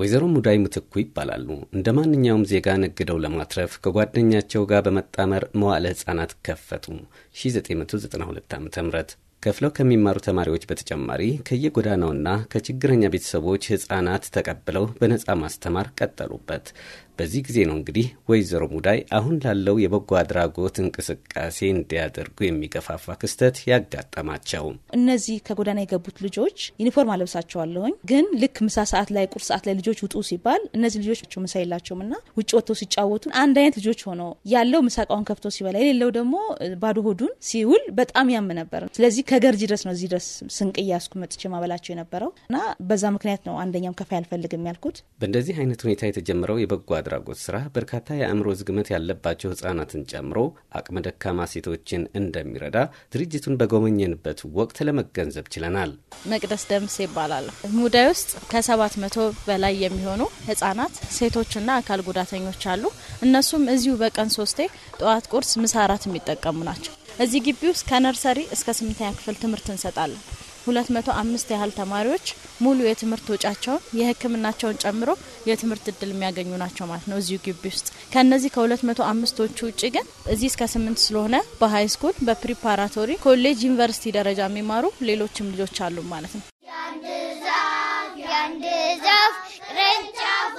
ወይዘሮ ሙዳይ ምትኩ ይባላሉ። እንደ ማንኛውም ዜጋ ነግደው ለማትረፍ ከጓደኛቸው ጋር በመጣመር መዋለ ሕፃናት ከፈቱ 1992 ዓ ም ከፍለው ከሚማሩ ተማሪዎች በተጨማሪ ከየጎዳናውና ከችግረኛ ቤተሰቦች ሕፃናት ተቀብለው በነፃ ማስተማር ቀጠሉበት። በዚህ ጊዜ ነው እንግዲህ ወይዘሮ ሙዳይ አሁን ላለው የበጎ አድራጎት እንቅስቃሴ እንዲያደርጉ የሚገፋፋ ክስተት ያጋጠማቸው። እነዚህ ከጎዳና የገቡት ልጆች ዩኒፎርም አለብሳቸዋለሁኝ፣ ግን ልክ ምሳ ሰዓት ላይ ቁርስ ሰዓት ላይ ልጆች ውጡ ሲባል እነዚህ ልጆች ምሳ የላቸውም እና ውጭ ወጥተው ሲጫወቱን አንድ አይነት ልጆች ሆኖ ያለው ምሳቃውን ከፍቶ ሲበላ የሌለው ደግሞ ባዶ ሆዱን ሲውል በጣም ያም ነበር። ስለዚህ ከገርጂ ድረስ ነው እዚህ ድረስ ስንቅ እያስኩ መጥቼ ማበላቸው የነበረው እና በዛ ምክንያት ነው አንደኛም ከፋ አልፈልግም ያልኩት። በእንደዚህ አይነት ሁኔታ የተጀመረው የበጎ አድራጎት ስራ በርካታ የአእምሮ ዝግመት ያለባቸው ህጻናትን ጨምሮ አቅመ ደካማ ሴቶችን እንደሚረዳ ድርጅቱን በጎበኘንበት ወቅት ለመገንዘብ ችለናል። መቅደስ ደምስ ይባላል። ሙዳይ ውስጥ ከሰባት መቶ በላይ የሚሆኑ ህጻናት ሴቶችና አካል ጉዳተኞች አሉ። እነሱም እዚሁ በቀን ሶስቴ ጠዋት፣ ቁርስ፣ ምሳ፣ እራት የሚጠቀሙ ናቸው። እዚህ ግቢ ውስጥ ከነርሰሪ እስከ ስምንተኛ ክፍል ትምህርት እንሰጣለን። አምስት ያህል ተማሪዎች ሙሉ የትምህርት ወጪያቸውን የሕክምናቸውን ጨምሮ የትምህርት እድል የሚያገኙ ናቸው ማለት ነው እዚሁ ግቢ ውስጥ። ከእነዚህ ከ መቶ አምስቶቹ ውጭ ግን እዚህ እስከ ስምንት ስለሆነ በሀይ ስኩል፣ በፕሪፓራቶሪ ኮሌጅ፣ ዩኒቨርሲቲ ደረጃ የሚማሩ ሌሎችም ልጆች አሉ ማለት ነው። ዛፍ ቅርንጫፍ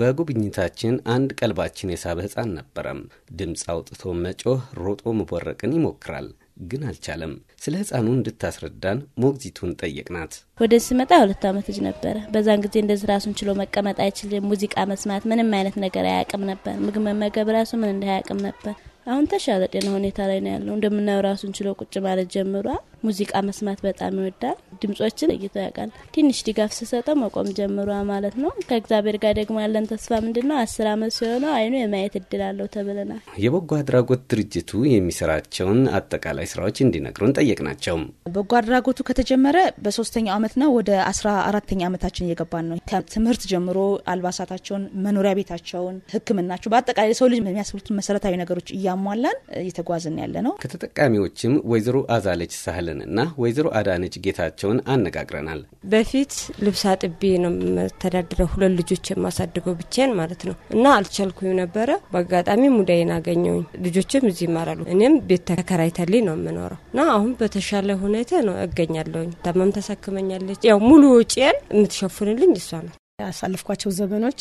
በጉብኝታችን አንድ ቀልባችን የሳበ ሕፃን ነበረም። ድምፅ አውጥቶ መጮህ፣ ሮጦ መቦረቅን ይሞክራል ግን አልቻለም። ስለ ህፃኑ እንድታስረዳን ሞግዚቱን ጠየቅናት። ወደ ስመጣ ሁለት ዓመት ልጅ ነበረ። በዛን ጊዜ እንደዚህ ራሱን ችሎ መቀመጥ አይችልም። ሙዚቃ መስማት፣ ምንም አይነት ነገር አያውቅም ነበር። ምግብ መመገብ ራሱ ምን እንዳያቅም ነበር። አሁን ተሻለ ጤና ሁኔታ ላይ ነው ያለው። እንደምናየው ራሱን ችሎ ቁጭ ማለት ጀምሯል። ሙዚቃ መስማት በጣም ይወዳል። ድምጾችን እይቶ ያውቃል። ትንሽ ድጋፍ ስሰጠው መቆም ጀምሯ ማለት ነው። ከእግዚአብሔር ጋር ደግሞ ያለን ተስፋ ምንድን ነው? አስር አመት ሲሆነው አይኑ የማየት እድል አለው ተብለናል። የበጎ አድራጎት ድርጅቱ የሚሰራቸውን አጠቃላይ ስራዎች እንዲነግሩን ጠየቅናቸው። በጎ አድራጎቱ ከተጀመረ በሶስተኛው አመት ነው። ወደ አስራ አራተኛ አመታችን እየገባን ነው። ትምህርት ጀምሮ አልባሳታቸውን፣ መኖሪያ ቤታቸውን፣ ሕክምናቸው በአጠቃላይ ሰው ልጅ የሚያስብሉትን መሰረታዊ ነገሮች እያሟላን እየተጓዝን ያለ ነው። ከተጠቃሚዎችም ወይዘሮ አዛለች ሳህል ና ወይዘሮ አዳነች ጌታቸውን አነጋግረናል። በፊት ልብስ አጥቤ ነው የምተዳድረው ሁለት ልጆች የማሳድገው ብቻዬን ማለት ነው እና አልቻልኩም ነበረ። በአጋጣሚ ሙዳይን አገኘውኝ። ልጆችም እዚህ ይማራሉ፣ እኔም ቤት ተከራይተልኝ ነው የምኖረው እና አሁን በተሻለ ሁኔታ ነው እገኛለሁኝ። ታማም ተሳክመኛለች። ያው ሙሉ ውጪን የምትሸፍንልኝ እሷ ናት። ያሳለፍኳቸው ዘመኖች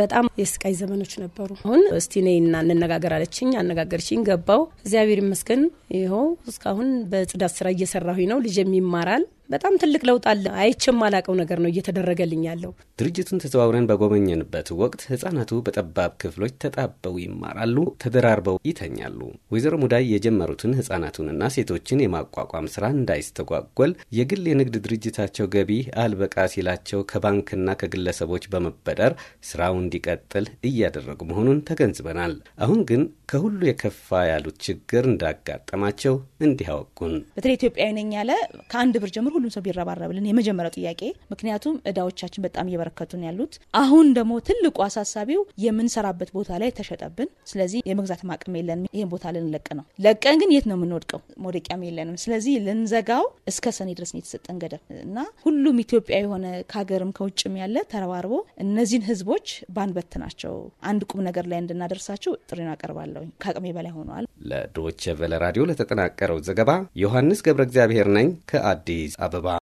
በጣም የስቃይ ዘመኖች ነበሩ። አሁን እስቲ ነይና እንነጋገር አለችኝ፣ አነጋገርችኝ፣ ገባው። እግዚአብሔር ይመስገን ይኸው እስካሁን በጽዳት ስራ እየሰራሁኝ ነው። ልጅ ይማራል። በጣም ትልቅ ለውጥ አለ። አይቼም ማላቀው ነገር ነው እየተደረገልኝ ያለው። ድርጅቱን ተዘዋውረን በጎበኘንበት ወቅት ህጻናቱ በጠባብ ክፍሎች ተጣበው ይማራሉ፣ ተደራርበው ይተኛሉ። ወይዘሮ ሙዳይ የጀመሩትን ህጻናቱንና ሴቶችን የማቋቋም ስራ እንዳይስተጓጎል የግል የንግድ ድርጅታቸው ገቢ አልበቃ ሲላቸው ከባንክና ከግለሰቦች በመበደር ስራው እንዲቀጥል እያደረጉ መሆኑን ተገንዝበናል። አሁን ግን ከሁሉ የከፋ ያሉት ችግር እንዳጋጠማቸው እንዲህ አወቁን። በተለይ ኢትዮጵያዊ ነኝ ያለ ከአንድ ብር ጀምሮ ሁሉም ሰው ቢረባረብልን የመጀመሪያው ጥያቄ። ምክንያቱም እዳዎቻችን በጣም እየበረከቱን ያሉት። አሁን ደግሞ ትልቁ አሳሳቢው የምንሰራበት ቦታ ላይ ተሸጠብን። ስለዚህ የመግዛት አቅም የለንም። ይህን ቦታ ልንለቅ ነው። ለቀን ግን የት ነው የምንወድቀው? መውደቂያም የለንም። ስለዚህ ልንዘጋው እስከ ሰኔ ድረስ ነው የተሰጠን ገደብ እና ሁሉም ኢትዮጵያ የሆነ ከሀገርም ከውጭም ያለ ተረባርቦ እነዚህን ህዝቦች ባንበት ናቸው አንድ ቁም ነገር ላይ እንድናደርሳቸው ጥሪን አቀርባለሁ። አስባለሁኝ። ከአቅሜ በላይ ሆኗል። ለዶይቸ ቬለ ራዲዮ ለተጠናቀረው ዘገባ ዮሐንስ ገብረ እግዚአብሔር ነኝ ከአዲስ አበባ